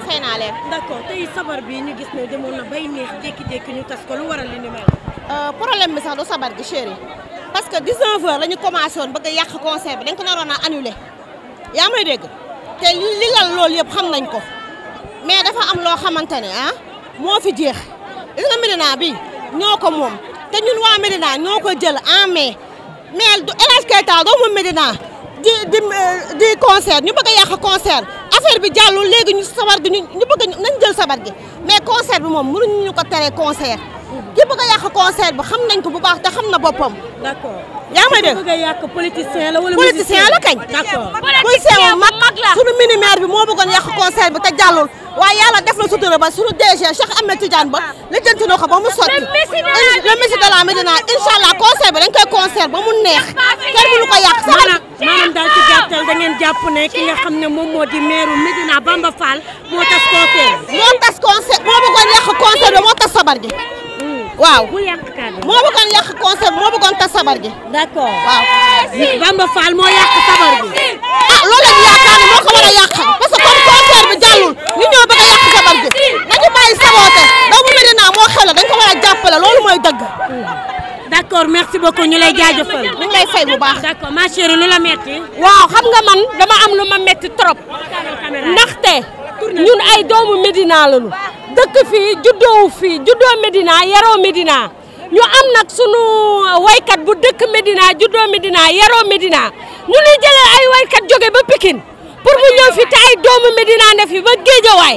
فين عليه داكور تي صبر بيني جسمي دمون بيني هديك ديك نيو تاسكول ورا لي نيميرو ا بروبليم مي سان دو صبر دي شيري باسكو 19 لا ني كوماسيون بغا ياخ كونسير دنج نارونا انولي يا ماي ديغ تي لي لا لول ييب خام نان كو مي دا فا ام لو خامتاني ها مو في جيخ ليغا مدينا بي نيوكو موم تي نون وا مدينا نيوكو جيل ان مي ميل دو اسكيتا دو مدينا di di di concert ñu bëgg a yàq concert affaire bi jàllul léegi ñu sabar gi ñu ñu bëgg a nañ jël sabar gi mais concert bi moom mënuñu ñu ko tere concert. ki bëgg a yàq concert bi xam nañ ko bu te xam na boppam. d'accord yaa may dégg. a yàq politicien la wala politicien la kañ. politicien mag mag sunu ministre bi moo bëggoon yàq concert bi te jàllul. waaye yàlla def na sutura ba suñu DG Cheikh Ahmed Tidiane ba lijjanti na ko ba mu sotti le Messi de la Médina incha allah concert bi dañ koy concert ba mu neex kenn mënu ko yàq sax maanaam daal ci gàttal da ngeen jàpp ne ki nga xam ne moom moo di maire Médina Bamba Fall moo tas concert moo tas concert moo bëggoon yàq concert ba moo tas sabar gi waaw bu yàq kàddu moo bëggoon yàq concert moo bëggoon tas sabar gi. d'accord waaw. Bamba Fall moo yàq sabar gi. ah loolu lañ yaakaar ne moo ko war a yàq parce que comme concert bi jàllul ñu ñëw bëgg a yàq sabar gi nañu bàyyi saboote ndaw bu Medina moo xel dañ ko war a jàppale loolu mooy dëgg. Hmm. d'accord merci beaucoup ñu lay jaajëfal. ñu ngi lay fay bu baax. d'accord lu la metti waaw xam nga man dama am lu ma metti trop. ndaxte ñun ay doomu Medina lañu. dëkk fi juddoo fi juddoo Medina yaroo Medina ñu am nag sunu waykat bu dëkk Medina juddoo Medina yaroo Medina ñu nuy jëlal ay waykat jóge ba Pikine pour mu ñëw fi te ay doomu Medina ne fi ba Géejawaay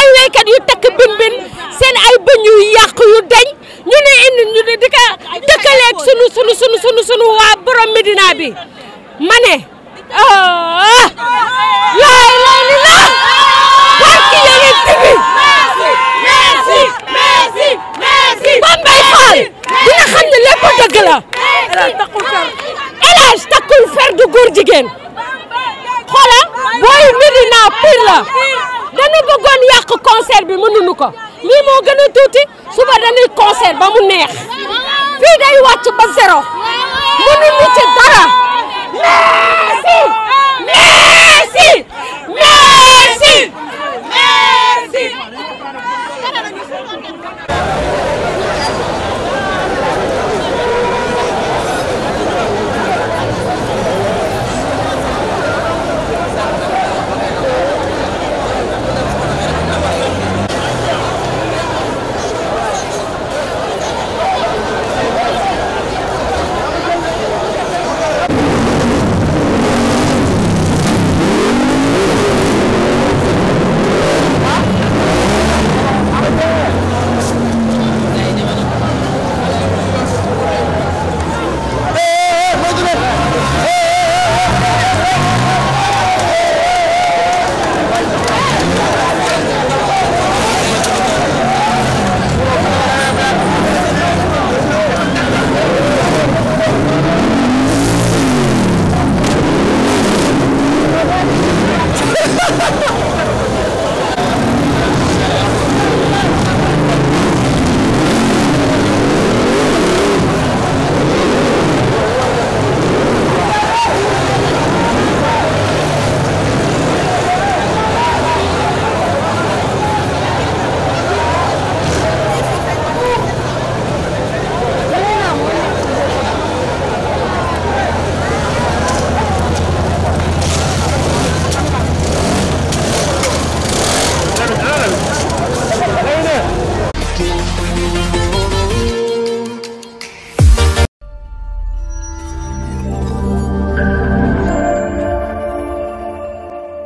ay waykat yu takk bimbin seen ay bëñ yu yàq yu dañ ñu ne indi ñu ne di ko dëkkaleeg sunu sunu sunu sunu sunu wa borom Medina bi ma ne oh, oh, oh, dina xam ne lépp dëgg la El Hadj takkul fer du góor jigéen xoola booyu Medina Pire la dañu bëggoon yàq concert bi mënuñu ko lii moo gën tuuti suba dañuy concert ba mu neex fii day wàcc ba zéro mënuñu ci dara merci merci merci